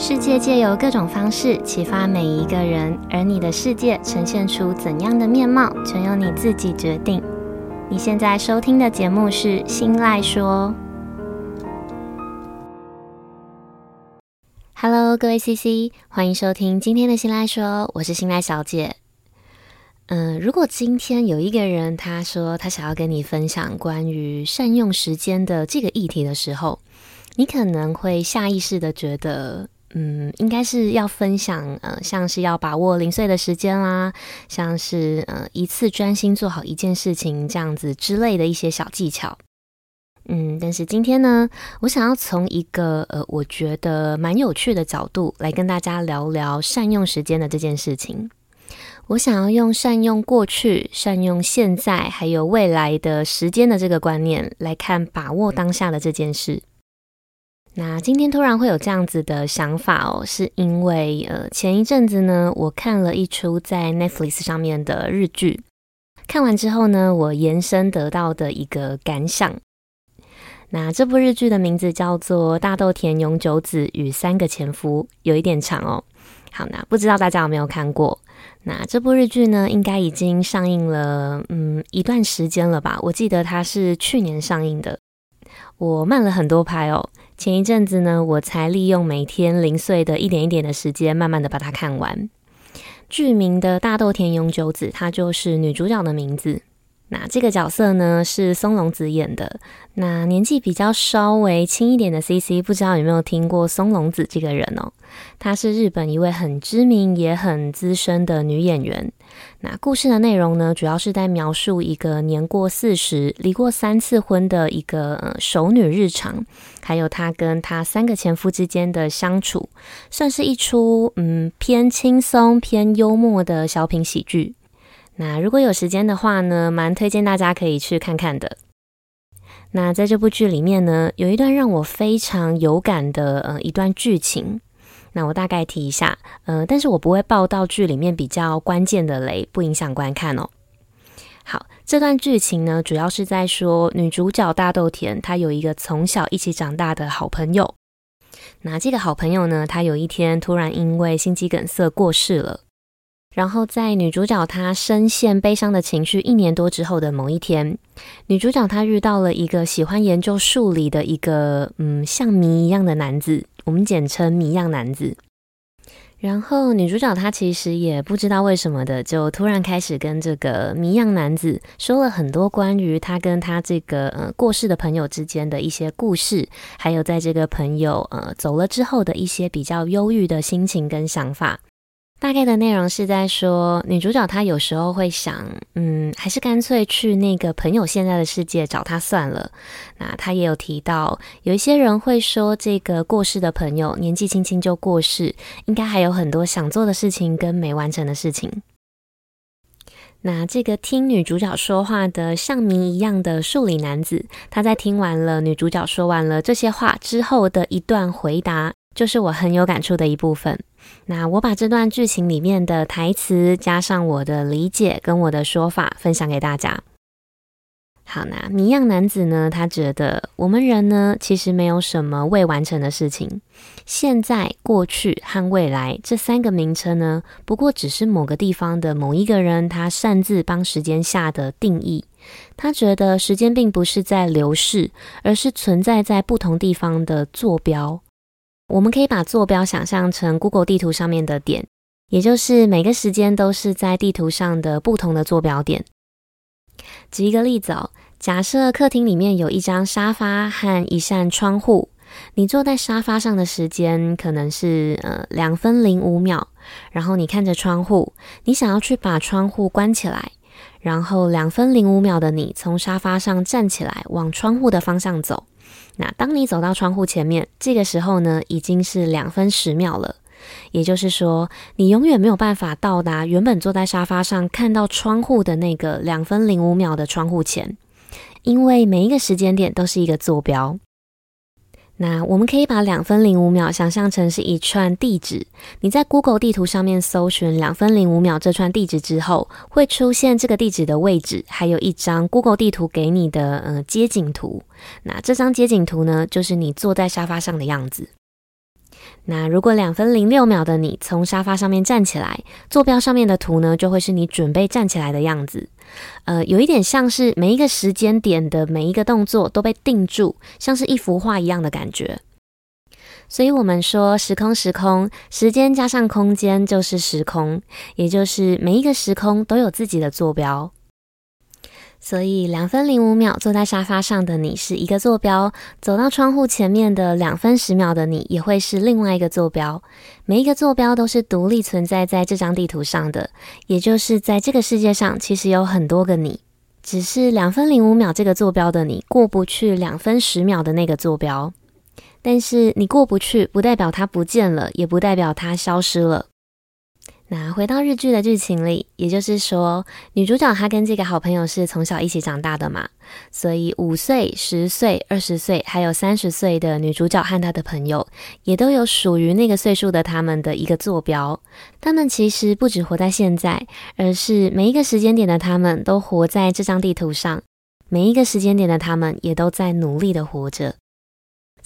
世界借由各種方式啟發每一個人，而你的世界呈現出怎樣的面貌，全由你自己決定。你現在收聽的節目是《心賴說》。Hello，各位 CC，歡迎收聽今天的《心賴說》，我是心賴小姐。嗯、呃，如果今天有一個人他說他想要跟你分享關於善用時間的這個議題的時候，你可能會下意識地覺得。嗯，應該是要分享呃，像是要把握零碎的時間啦、啊，像是呃一次專心做好一件事情這樣子之類的一些小技巧。嗯，但是今天呢，我想要從一個呃我覺得蠻有趣的角度來跟大家聊聊善用時間的這件事情。我想要用善用過去、善用現在還有未來的時間的這個觀念來看把握當下的這件事。那今天突然會有這樣子的想法哦，是因為呃前一陣子呢，我看了一出在 Netflix 上面的日劇，看完之後呢，我延伸得到的一個感想。那這部日劇的名字叫做《大豆田永久子與三個前夫》，有一點長哦。好，那不知道大家有沒有看過？那這部日劇呢，應該已經上映了嗯一段時間了吧？我記得它是去年上映的，我慢了很多拍哦。前一陣子呢，我才利用每天零碎的一點一點的時間，慢慢的把它看完。劇名的《大豆田永久子》，她就是女主角的名字。那這個角色呢，是松隆子演的。那年紀比較稍微輕一點的 CC，不知道有沒有聽過松隆子這個人哦、喔？她是日本一位很知名也很資深的女演員。那故事的內容呢，主要是在描述一個年過四十、離過三次婚的一個呃熟女日常，還有她跟她三個前夫之間的相處，算是一出嗯偏輕鬆、偏幽默的小品喜劇。那如果有時間的話呢，蠻推薦大家可以去看看的。那在這部劇裡面呢，有一段讓我非常有感的呃一段劇情。那我大概提一下，呃，但是我不會爆到劇裡面比較關鍵的雷，不影響觀看哦。好，這段劇情呢，主要是在說女主角大豆田，她有一個從小一起長大的好朋友。那這個好朋友呢，她有一天突然因為心肌梗塞過世了。然後，在女主角她深陷悲傷的情緒一年多之後的某一天，女主角她遇到了一個喜歡研究數理的一個嗯，像謎一樣的男子，我們簡稱謎樣男子。然後女主角她其實也不知道為什麼的，就突然開始跟這個謎樣男子說了很多關於她跟她這個呃，過世的朋友之間的一些故事，還有在這個朋友呃，走了之後的一些比較憂鬱的心情跟想法。大概的內容是在說，女主角她有時候會想，嗯，還是乾脆去那個朋友現在的世界找他算了。那她也有提到，有一些人會說，這個過世的朋友年紀輕輕就過世，應該還有很多想做的事情跟沒完成的事情。那這個聽女主角說話的像謎一樣的樹裡男子，他在聽完了女主角說完了這些話之後的一段回答，就是我很有感觸的一部分。那我把這段劇情裡面的台詞加上我的理解跟我的說法分享給大家。好，那謎樣男子呢，他覺得我們人呢，其實沒有什麼未完成的事情。現在、過去和未來，這三個名稱呢，不過只是某個地方的某一個人他擅自幫時間下的定義。他覺得時間並不是在流逝，而是存在在不同地方的坐標。我們可以把坐標想象成 Google 地圖上面的點，也就是每個時間都是在地圖上的不同的坐標點。舉一個例子哦，假設客廳裡面有一張沙發和一扇窗戶，你坐在沙發上的時間可能是呃兩分零五秒，然後你看着窗戶，你想要去把窗戶關起來，然後兩分零五秒的你從沙發上站起來，往窗戶的方向走。那當你走到窗戶前面，這個時候呢，已經是兩分十秒了。也就是說，你永遠沒有辦法到達原本坐在沙發上看到窗戶的那個兩分零五秒的窗戶前，因為每一個時間點都是一個坐標。那我們可以把兩分零五秒想象成是一串地址，你在 Google 地圖上面搜尋兩分零五秒這串地址之後，會出現這個地址的位置，還有一張 Google 地圖給你的呃街景圖。那這張街景圖呢，就是你坐在沙發上的樣子。那如果兩分零六秒的你從沙發上面站起來，坐標上面的圖呢，就會是你準備站起來的樣子。呃，有一點像是每一個時間點的每一個動作都被定住，像是一幅畫一樣的感覺。所以，我們說時空時空，時間加上空間就是時空，也就是每一個時空都有自己的坐標。所以，兩分零五秒坐在沙發上的你是一個坐標；走到窗戶前面的兩分十秒的你，也會是另外一個坐標。每一個坐標都是獨立存在在這張地圖上的，也就是在這個世界上，其實有很多個你。只是兩分零五秒這個坐標的你過不去兩分十秒的那個坐標，但是你過不去，不代表它不見了，也不代表它消失了。那回到日劇的劇情裡，也就是說，女主角她跟這個好朋友是從小一起長大的嘛，所以五歲、十歲、二十歲，還有三十歲的女主角和她的朋友，也都有屬於那個歲數的他們的一個坐標。他們其實不止活在現在，而是每一個時間點的他們都活在這張地圖上，每一個時間點的他們也都在努力的活着。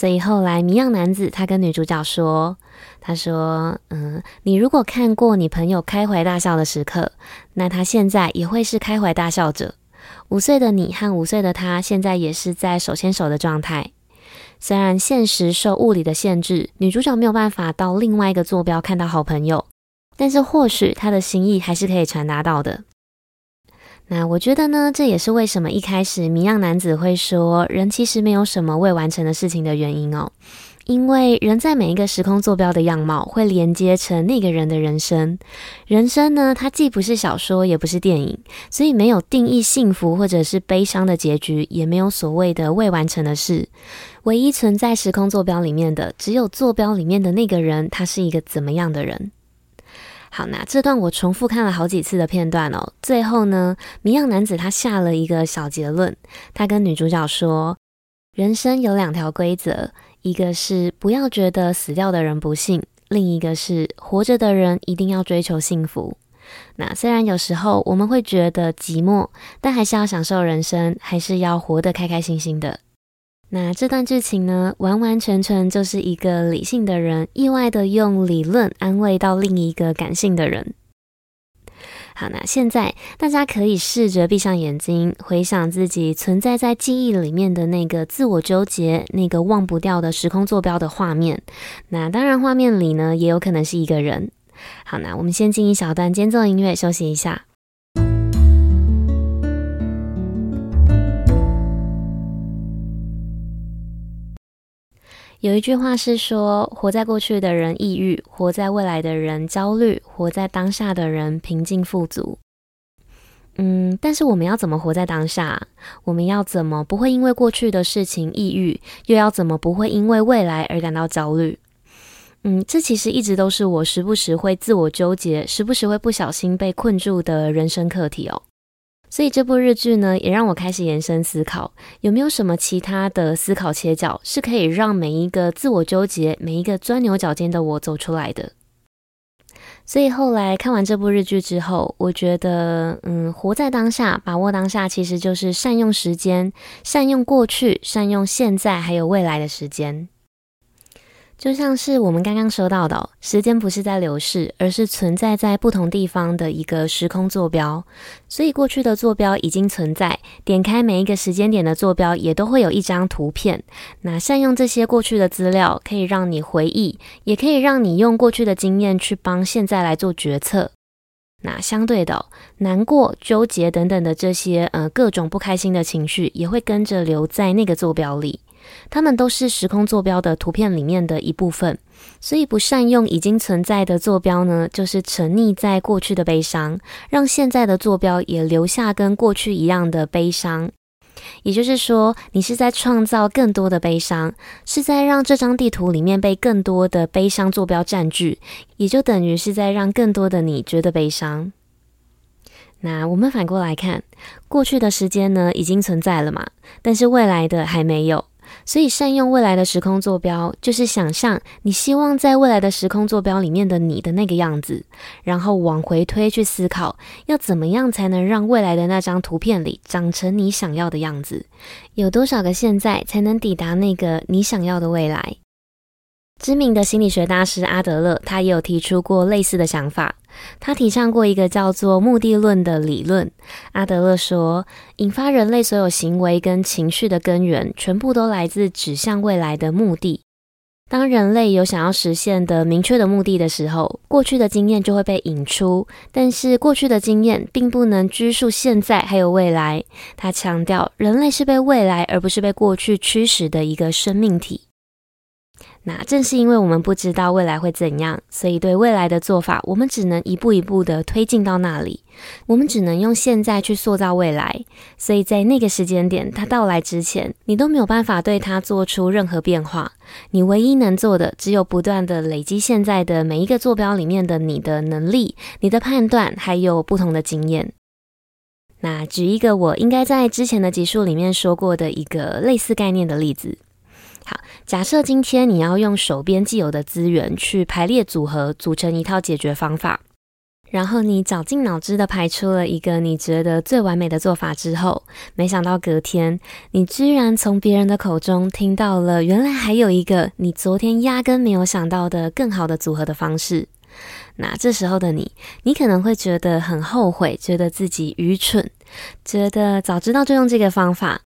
所以後來，謎樣男子他跟女主角說：“他說，嗯，你如果看過你朋友開懷大笑的時刻，那他現在也會是開懷大笑着。五歲的你和五歲的他現在也是在手牽手的狀態。雖然現實受物理的限制，女主角沒有辦法到另外一個坐標看到好朋友，但是或許他的心意還是可以傳達到的。”那我覺得呢，這也是為什麼一開始謎樣男子會說人其實沒有什麼未完成的事情的原因哦。因為人在每一個時空坐標的樣貌會連接成那個人的人生，人生呢，它既不是小說，也不是電影，所以沒有定義幸福或者是悲傷的結局，也沒有所謂的未完成的事。唯一存在時空坐標裡面的，只有坐標裡面的那個人，他是一個怎麼樣的人？好，那這段我重複看了好幾次的片段哦。最後呢，謎樣男子他下了一個小結論，他跟女主角說：“人生有兩條規則，一個是不要覺得死掉的人不幸，另一個是活着的人一定要追求幸福。”那雖然有時候我們會覺得寂寞，但還是要享受人生，還是要活得開開心心的。那這段劇情呢，完完全全就是一個理性的人意外的用理論安慰到另一個感性的人。好，那現在大家可以試着閉上眼睛，回想自己存在在記憶裡面的那個自我糾結、那個忘不掉的時空坐標的畫面。那當然，畫面裡呢也有可能是一個人。好，那我們先進一小段間奏音樂，休息一下。有一句話是說：活在過去的人抑鬱，活在未來的人焦慮，活在當下的人平靜富足。嗯，但是我們要怎麼活在當下？我們要怎麼不會因為過去的事情抑鬱？又要怎麼不會因為未來而感到焦慮？嗯，這其實一直都是我時不時會自我糾結，時不時會不小心被困住的人生課題哦。所以這部日劇呢，也讓我開始延伸思考，有沒有什麼其他的思考切角，是可以讓每一個自我糾結、每一個鑽牛角尖的我走出來的？所以後來看完這部日劇之後，我覺得，嗯，活在當下，把握當下，其實就是善用時間，善用過去，善用現在，還有未來的時間。就像是我們剛剛說到的，時間不是在流逝，而是存在在不同地方的一個時空坐標。所以過去的坐標已經存在，點開每一個時間點的坐標也都會有一張圖片。那善用這些過去的資料，可以讓你回憶，也可以讓你用過去的經驗去幫現在來做決策。那相對的，難過、糾結等等的這些呃各種不開心的情緒，也會跟着留在那個坐標裡。他們都是時空坐標的圖片裡面的一部分，所以不善用已經存在的坐標呢，就是沉溺在過去的悲傷，讓現在的坐標也留下跟過去一樣的悲傷。也就是說，你是在創造更多的悲傷，是在讓這張地圖裡面被更多的悲傷坐標佔據，也就等於是在讓更多的你覺得悲傷。那我們反過來看，過去的時間呢已經存在了嘛，但是未來的還沒有。所以，善用未來的時空坐標，就是想象你希望在未來的時空坐標裡面的你的那個樣子，然後往回推去思考，要怎麼樣才能讓未來的那張圖片裡長成你想要的樣子？有多少個現在才能抵達那個你想要的未來？知名的心理學大師阿德勒，他也有提出過類似的想法。他提倡過一個叫做目的論的理論。阿德勒說，引發人類所有行為跟情緒的根源，全部都來自指向未來的目的。當人類有想要實現的明確的目的的時候，過去的經驗就會被引出，但是過去的經驗並不能拘束現在還有未來。他強調，人類是被未來，而不是被過去驅使的一個生命體。那正是因為我們不知道未來會怎樣，所以對未來的做法，我們只能一步一步的推進到那裡。我們只能用現在去塑造未來。所以在那個時間點它到來之前，你都沒有辦法對它做出任何變化。你唯一能做的，只有不斷的累積現在的每一個坐標裡面的你的能力、你的判斷，還有不同的經驗。那舉一個我應該在之前的集數裡面說過的一個類似概念的例子。好，假設今天你要用手邊既有的資源去排列組合，組成一套解決方法，然後你絞盡腦汁的排出了一個你覺得最完美的做法之後，沒想到隔天你居然從別人的口中聽到了，原來還有一個你昨天壓根沒有想到的更好的組合的方式。那這時候的你，你可能會覺得很後悔，覺得自己愚蠢，覺得早知道就用這個方法。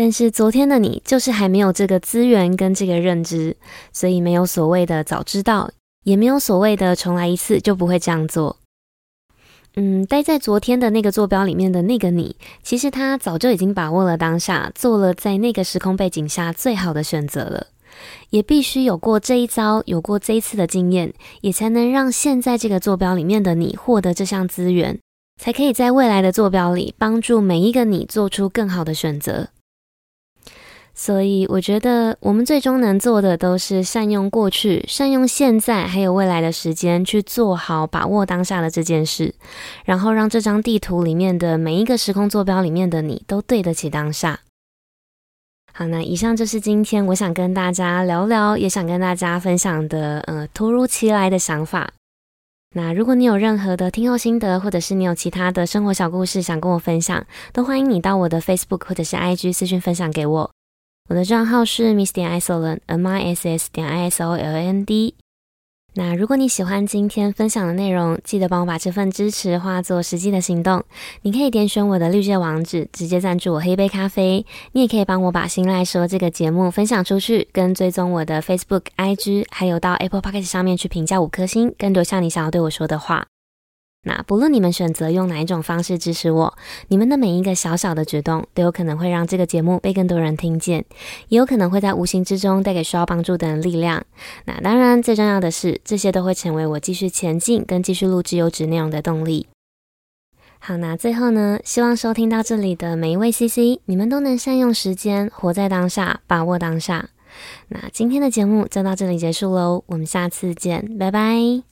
但是昨天的你就是還沒有這個資源跟這個認知，所以沒有所謂的早知道，也沒有所謂的重來一次就不會這樣做。嗯，待在昨天的那個坐標裡面的那個你，其實他早就已經把握了當下，做了在那個時空背景下最好的選擇了，也必須有過這一遭，有過這一次的經驗，也才能讓現在這個坐標裡面的你獲得這項資源，才可以在未來的坐標裡幫助每一個你做出更好的選擇。所以我覺得，我們最終能做的都是善用過去、善用現在，還有未來的時間，去做好把握當下的這件事，然後讓這張地圖裡面的每一個時空坐標裡面的你，都對得起當下。好，那以上就是今天我想跟大家聊聊，也想跟大家分享的，呃，突如其來的想法。那如果你有任何的聽後心得，或者是你有其他的生活小故事想跟我分享，都歡迎你到我的 Facebook 或者是 IG 私訊分享給我。我的賬號是 miss 點 isoland m i s s 點 i s o l a n d。那如果你喜歡今天分享的內容，記得幫我把這份支持化作實際的行動。你可以點選我的綠界網址，直接贊助我喝一杯咖啡。你也可以幫我把心賴說這個節目分享出去，跟追蹤我的 Facebook、IG，還有到 Apple Podcast 上面去評價五顆星。更多像你想要對我說的話。那不論你們選擇用哪一種方式支持我，你們的每一個小小的舉動都有可能會讓這個節目被更多人聽見，也有可能會在無形之中帶給需要幫助的人力量。那當然，最重要的是，這些都會成為我繼續前進跟繼續錄製優質內容的動力。好，那最後呢，希望收聽到這裡的每一位 CC，你們都能善用時間，活在當下，把握當下。那今天的節目就到這裡結束嘍，我們下次見，拜拜。